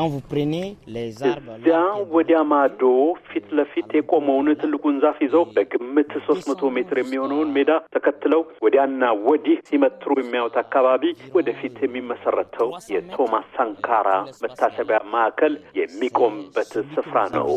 Quand vous እዚያ ወዲያ ማዶ ፊት ለፊት የቆመውን ትልቁን ዛፍ ይዘው በግምት ሶስት መቶ ሜትር የሚሆነውን ሜዳ ተከትለው ወዲያና ወዲህ ሲመትሩ የሚያዩት አካባቢ ወደፊት የሚመሰረተው የቶማስ ሳንካራ መታሰቢያ ማዕከል የሚቆምበት ስፍራ ነው።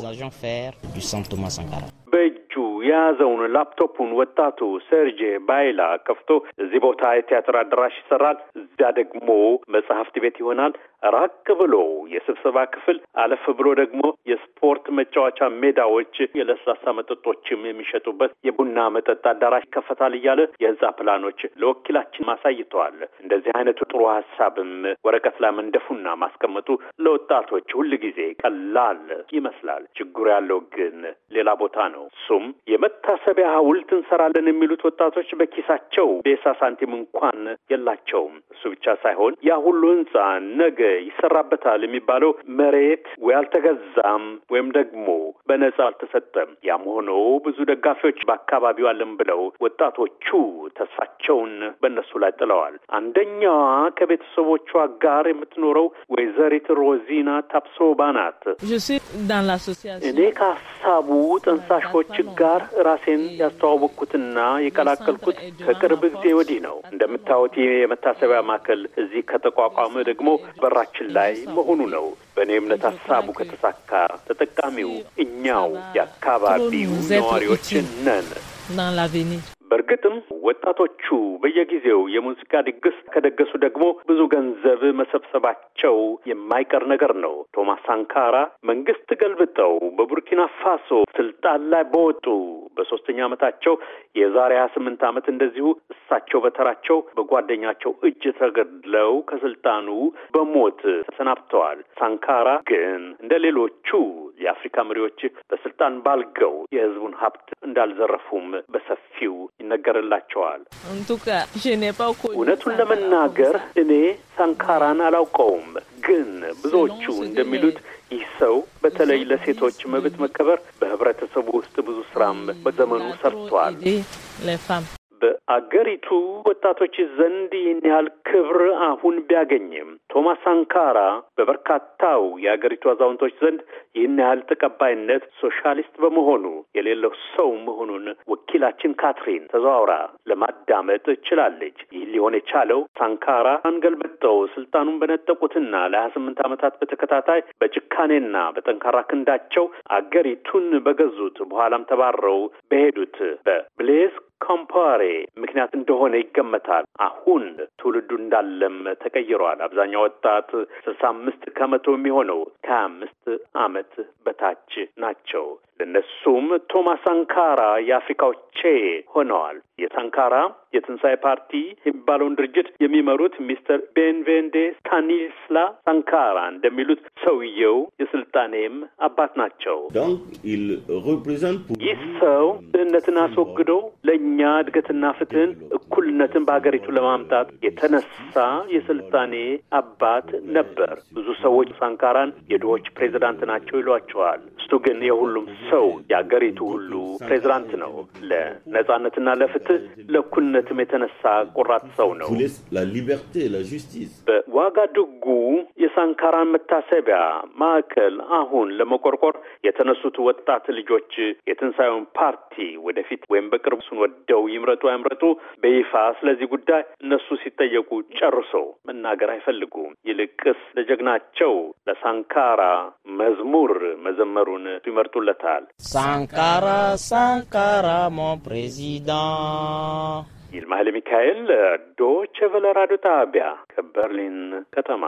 የያዘውን ላፕቶፑን ወጣቱ ሰርጄ ባይላ ከፍቶ እዚህ ቦታ የቲያትር አዳራሽ ይሰራል፣ እዚያ ደግሞ መጽሐፍት ቤት ይሆናል። ራቅ ብሎ የስብሰባ ክፍል፣ አለፍ ብሎ ደግሞ የስፖርት መጫወቻ ሜዳዎች፣ የለስላሳ መጠጦችም የሚሸጡበት የቡና መጠጥ አዳራሽ ይከፈታል እያለ የህንጻ ፕላኖች ለወኪላችን ማሳይተዋል። እንደዚህ አይነቱ ጥሩ ሀሳብም ወረቀት ላይ መንደፉና ማስቀመጡ ለወጣቶች ጊዜ ቀላል ይመስላል። ችግሩ ያለው ግን ሌላ ቦታ ነው። እሱም የመታሰቢያ ሐውልት እንሰራለን የሚሉት ወጣቶች በኪሳቸው ቤሳ ሳንቲም እንኳን የላቸውም። እሱ ብቻ ሳይሆን ያ ሁሉ ህንጻ ነገ ይሰራበታል የሚባለው መሬት ወይ አልተገዛም ወይም ደግሞ በነጻ አልተሰጠም። ያም ሆኖ ብዙ ደጋፊዎች በአካባቢው አለን ብለው ወጣቶቹ ተስፋቸውን በእነሱ ላይ ጥለዋል። አንደኛዋ ከቤተሰቦቿ ጋር የምትኖረው ወይዘሪት ሮዚና ታፕሶባ ናት። እኔ ከሀሳቡ ጥንሳሾች ጋር ጋር ራሴን ያስተዋወቅኩትና የቀላቀልኩት ከቅርብ ጊዜ ወዲህ ነው። እንደምታወት የመታሰቢያ ማዕከል እዚህ ከተቋቋመ ደግሞ በራችን ላይ መሆኑ ነው። በእኔ እምነት ሀሳቡ ከተሳካ ተጠቃሚው እኛው የአካባቢው ነዋሪዎችን ነን። በእርግጥም ወጣቶቹ በየጊዜው የሙዚቃ ድግስ ከደገሱ ደግሞ ብዙ ገንዘብ መሰብሰባቸው የማይቀር ነገር ነው። ቶማስ ሳንካራ መንግስት ገልብጠው በቡርኪና ፋሶ ስልጣን ላይ በወጡ በሶስተኛ ዓመታቸው የዛሬ ሀያ ስምንት ዓመት እንደዚሁ እሳቸው በተራቸው በጓደኛቸው እጅ ተገድለው ከስልጣኑ በሞት ተሰናብተዋል። ሳንካራ ግን እንደ ሌሎቹ የአፍሪካ መሪዎች በስልጣን ባልገው የህዝቡን ሀብት እንዳልዘረፉም በሰፊው ይነገርላቸዋል። እውነቱን ለመናገር እኔ ሳንካራን አላውቀውም፣ ግን ብዙዎቹ እንደሚሉት ይህ ሰው በተለይ ለሴቶች መብት መከበር በህብረተሰቡ ውስጥ ብዙ ስራም በዘመኑ ሰርቷል። በአገሪቱ ወጣቶች ዘንድ ይህን ያህል ክብር አሁን ቢያገኝም ቶማስ ሳንካራ በበርካታው የአገሪቱ አዛውንቶች ዘንድ ይህን ያህል ተቀባይነት ሶሻሊስት በመሆኑ የሌለው ሰው መሆኑን ወኪላችን ካትሪን ተዘዋውራ ለማዳመጥ ችላለች። ይህ ሊሆን የቻለው ሳንካራ አንገልብጠው ስልጣኑን በነጠቁትና ለሀያ ስምንት ዓመታት በተከታታይ በጭካኔና በጠንካራ ክንዳቸው አገሪቱን በገዙት በኋላም ተባረው በሄዱት በብሌዝ ካምፓሬ ምክንያት እንደሆነ ይገመታል። አሁን ትውልዱ እንዳለም ተቀይሯል። አብዛኛው ወጣት ስልሳ አምስት ከመቶ የሚሆነው ከሀያ አምስት ዓመት በታች ናቸው። ለነሱም ቶማስ ሳንካራ የአፍሪካው ቼ ሆነዋል። የሳንካራ የትንሣኤ ፓርቲ የሚባለውን ድርጅት የሚመሩት ሚስተር ቤንቬንዴ ስታኒስላ ሳንካራ እንደሚሉት ሰውየው የስልጣኔም አባት ናቸው። ይህ ሰው ድህነትን አስወግደው ለእኛ እውነተኛ እድገትና ፍትህን፣ እኩልነትን በሀገሪቱ ለማምጣት የተነሳ የስልጣኔ አባት ነበር። ብዙ ሰዎች ሳንካራን የድሆች ፕሬዚዳንት ናቸው ይሏቸዋል። እሱ ግን የሁሉም ሰው የሀገሪቱ ሁሉ ፕሬዚዳንት ነው። ለነጻነትና ለፍትህ ለእኩልነትም የተነሳ ቆራት ሰው ነው። በ ዋጋ ድጉ የሳንካራን መታሰቢያ ማዕከል አሁን ለመቆርቆር የተነሱት ወጣት ልጆች የትንሣኤውን ፓርቲ ወደፊት ወይም በቅርብ እሱን ወደው ይምረጡ አይምረጡ በይፋ ስለዚህ ጉዳይ እነሱ ሲጠየቁ ጨርሶ መናገር አይፈልጉም። ይልቅስ ለጀግናቸው ለሳንካራ መዝሙር መዘመሩን ይመርጡለታል። ሳንካራ ሳንካራ ሞ ፕሬዚዳንት ይልማ ኃይለ ሚካኤል ዶቼ ቬለ ራዲዮ ጣቢያ ከበርሊን ከተማ